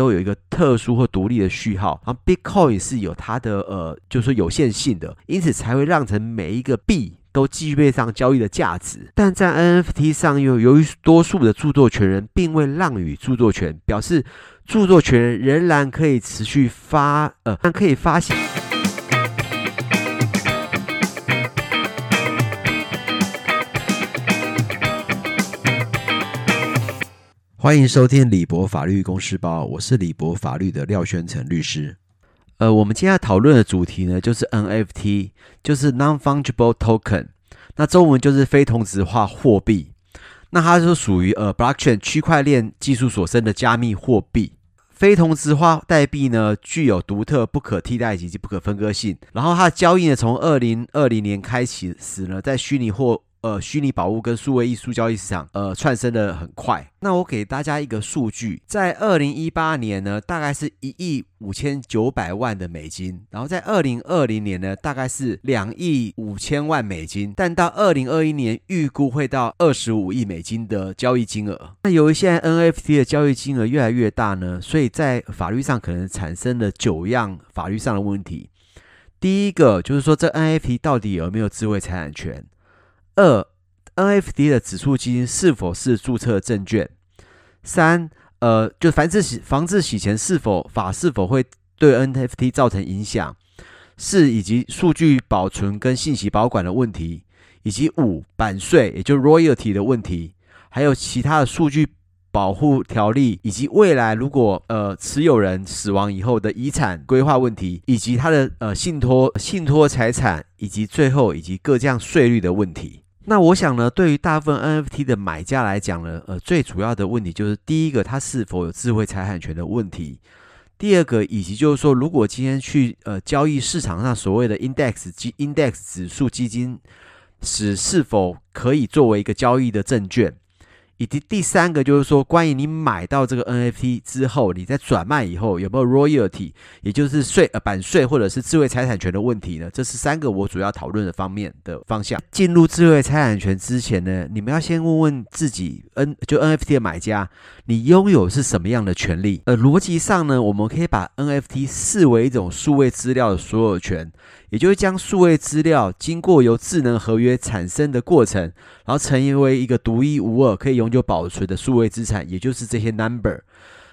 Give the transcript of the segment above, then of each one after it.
都有一個特殊或獨立的序號，然後 Bitcoin 是有它的呃，就是說有限性的，因此才會讓成每一個幣都具備上交易的價值。但在 NFT 上又由於多數的著作權人並未讓與著作權，表示著作權人仍然可以持續發呃，但可以發行。歡迎收聽李博法律公事包，我是李博法律的廖宣成律師。呃，我們今天要討論的主題呢，就是 NFT，就是 Non-Fungible Token，那中文就是非同質化貨幣。那它就屬於呃 Blockchain 區塊鏈技術所生的加密貨幣。非同質化代幣呢，具有獨特、不可替代以及不可分割性。然後它的交易呢，從二零二零年開始，時呢，在虛擬貨呃，虛擬寶物跟數位藝術交易市場，呃，竄升的很快。那我給大家一個數據，在二零一八年呢，大概是一億五千九百萬的美金，然後在二零二零年呢，大概是兩億五千萬美金，但到二零二一年預估會到二十五億美金的交易金額。那由於現在 NFT 的交易金額越來越大呢，所以在法律上可能產生了九樣法律上的問題。第一個就是說，這 NFT 到底有沒有智慧財產權？二，NFT 的指數基金是否是註冊證券？三，呃，就防止洗防止洗錢是否，法是否會對 NFT 造成影響？四，以及數據保存跟信息保管的問題，以及五，版稅，也就 royalty 的問題，還有其他的數據。保護條例以及未來如果呃持有人死亡以後的遺產規劃問題，以及他的呃信託信託財產，以及最後以及各項稅率的問題。那我想呢，對於大部分 NFT 的買家來講呢，呃，最主要的問題就是第一個，它是否有智慧財產權的問題；第二個，以及就是說，如果今天去呃交易市場上所謂的 index 及 index 指數基金，是是否可以作為一個交易的證券？以及第三個就是說，關於你買到這個 NFT 之後，你在轉賣以後有沒有 royalty，也就是稅，呃，版稅或者是智慧財產權的問題呢？這是三個我主要討論的方面的方向。進入智慧財產權之前呢，你們要先問問自己，N 就 NFT 的買家，你擁有是什麼樣的權利？呃，邏輯上呢，我們可以把 NFT 視為一種數位資料的所有權。也就是將數位資料經過由智能合約產生的過程，然後成為一個獨一無二、可以永久保存的數位資產，也就是這些 number。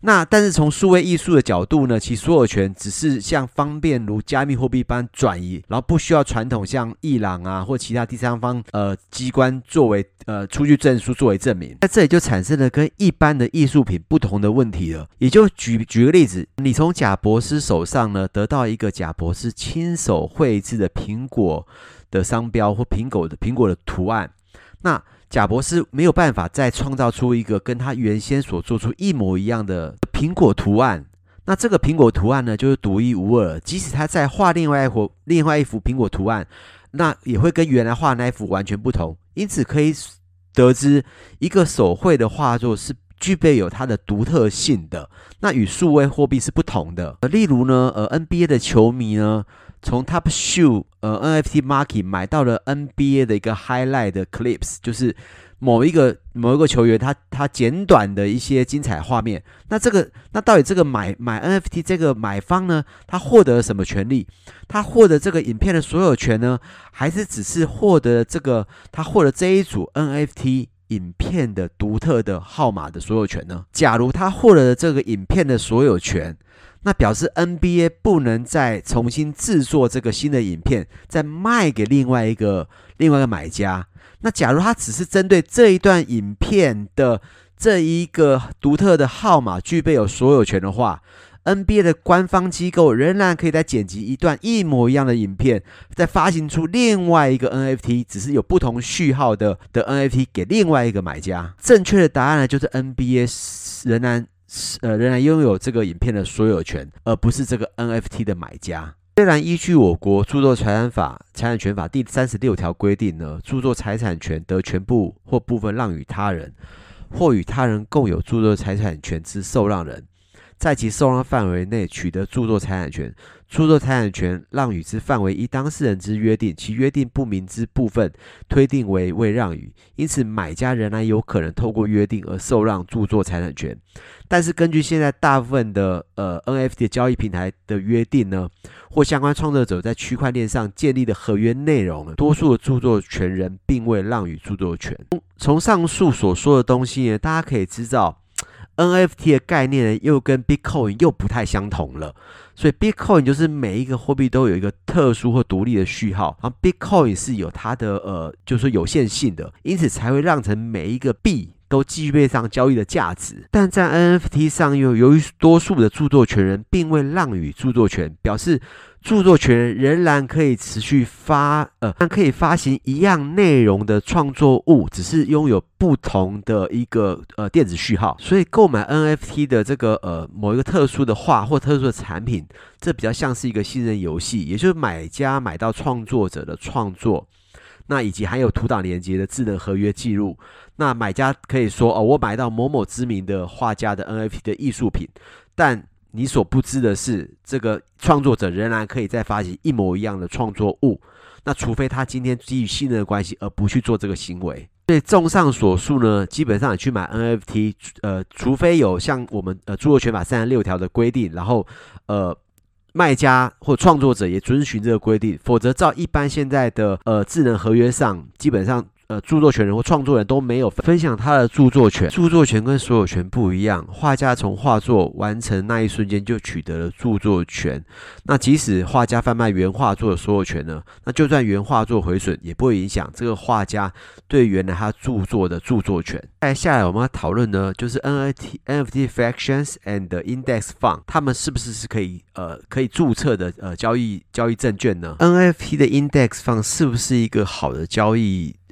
那但是從數位藝術的角度呢，其所有權只是像方便如加密貨幣般轉移，然後不需要傳統像藝廊啊或其他第三方呃機關作為呃出具證書作為證明，那這也就產生了跟一般的藝術品不同的問題了。也就舉舉個例子，你從賈博士手上呢得到一個賈博士親手繪製的蘋果的商標或蘋果的蘋果的圖案，那。賈博士沒有辦法再創造出一個跟他原先所做出一模一樣的蘋果圖案。那這個蘋果圖案呢，就是獨一無二。即使他在畫另外一幅另外一幅，蘋果圖案，那也會跟原來畫那一幅完全不同。因此可以得知，一個手繪的畫作是具備有它的獨特性的。那與數位貨幣是不同的。例如呢，呃，NBA 的球迷呢，從 Top Shot。呃，NFT market 買到了 NBA 的一個 highlight clips，就是某一個某一個球員他，他他簡短的一些精彩畫面。那這個，那到底這個買買 NFT 這個買方呢？他獲得了什麼權利？他獲得這個影片的所有權呢？還是只是獲得這個他獲得這一組 NFT 影片的獨特的號碼的所有權呢？假如他獲得了這個影片的所有權。那表示 NBA 不能再重新製作這個新的影片，再賣給另外一個另外一個買家。那假如他只是針對這一段影片的這一個獨特的號碼具備有所有權的話，NBA 的官方機構仍然可以再剪輯一段一模一樣的影片，再發行出另外一個 NFT，只是有不同序號的的 NFT 給另外一個買家。正確的答案呢，就是 NBA 仍然。是呃，仍然擁有這個影片的所有權，而不是這個 NFT 的買家。雖然依據我國著作財產法，財產權法第三十六條規定呢，著作財產權得全部或部分讓與他人，或與他人共有著作財產權之受讓人，在其受讓範圍內取得著作財產權。著作財產權讓與之範圍依當事人之約定，其約定不明之部分，推定為未讓與。因此，買家仍然有可能透過約定而受讓著作財產權。但是，根據現在大部分的呃 NFT 的交易平台的約定呢，或相關創作者在區塊鏈上建立的合約內容呢，多數的著作權人並未讓與著作權。從上述所說的東西呢，大家可以知道。NFT 的概念又跟 Bitcoin 又不太相同了。所以 Bitcoin 就是每一個貨幣都有一個特殊或獨立的序號，然後 Bitcoin 是有它的呃，就是有限性的，因此才會讓成每一個幣都具備上交易的價值。但在 NFT 上又由於多數的著作權人並未讓與著作權，表示。著作權仍然可以持續發，呃，但可以發行一樣內容的創作物，只是擁有不同的一個呃電子序號。所以購買 NFT 的這個呃某一個特殊的畫或特殊的產品，這比較像是一個信任遊戲，也就是買家買到創作者的創作，那以及含有圖檔連結的智能合約記錄。那買家可以說哦，我買到某某知名的畫家的 NFT 的藝術品，但。你所不知的是，這個創作者仍然可以再發行一模一樣的創作物。那除非他今天基於信任的關係而不去做這個行為。所以，綜上所述呢，基本上你去買 NFT，呃，除非有像我們呃著作權法三十六條的規定，然後呃賣家或創作者也遵循這個規定，否則照一般現在的呃智能合約上，基本上。呃，著作權人或創作人都沒有分享他的著作權。著作權跟所有權不一樣。畫家從畫作完成那一瞬間就取得了著作權。那即使畫家販賣原畫作的所有權呢，那就算原畫作毀損，也不會影響這個畫家對原來他著作的著作權。再下來我們要討論呢，就是 NFT、NFT fractions and the index fund，他們是不是是可以呃可以註冊的呃交易交易證券呢？NFT 的 index fund 是不是一個好的交易？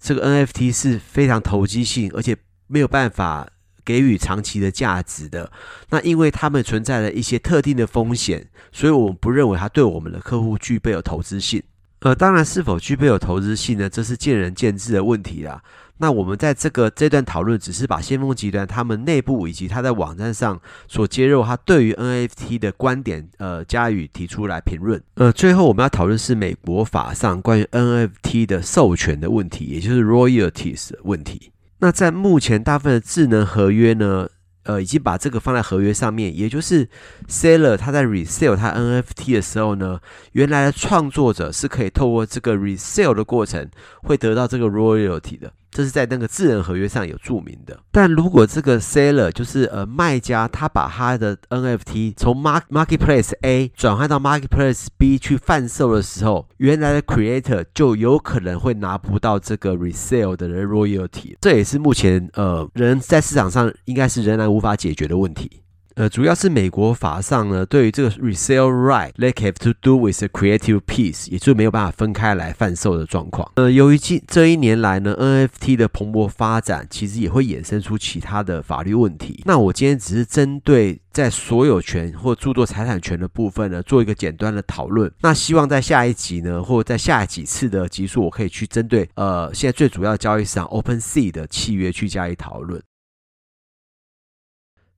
這個 NFT 是非常投機性，而且沒有辦法給予長期的價值的。那因為它們存在了一些特定的風險，所以我們不認為它對我們的客戶具備有投資性。呃，當然，是否具備有投資性呢？這是見仁見智的問題啦。那我們在這個這段討論，只是把先鋒集團他們內部以及他在網站上所揭露他對於 NFT 的觀點，呃，加以提出來評論。呃，最後我們要討論是美國法上關於 NFT 的授權的問題，也就是 royalties 的問題。那在目前大部分的智能合約呢，呃，已經把這個放在合約上面，也就是 seller 他在 resell 他 NFT 的時候呢，原來的創作者是可以透過這個 resell 的過程，會得到這個 royalty 的。這是在那個智能合約上有註明的。但如果這個 seller 就是呃賣家，他把他的 NFT 從 market marketplace A 轉換到 marketplace B 去販售的時候，原來的 creator 就有可能會拿不到這個 resale 的人 royalty。這也是目前呃人在市場上應該是仍然無法解決的問題。呃，主要是美國法上呢，對於這個 resale right，they have to do with the creative piece，也就沒有辦法分開來販售的狀況。呃，由於近這一年來呢，NFT 的蓬勃發展，其實也會衍生出其他的法律問題。那我今天只是針對在所有權或著作財產權的部分呢，做一個簡單的討論。那希望在下一集呢，或者在下幾次的集數，我可以去針對呃，現在最主要的交易市場 Open Sea 的契約去加以討論。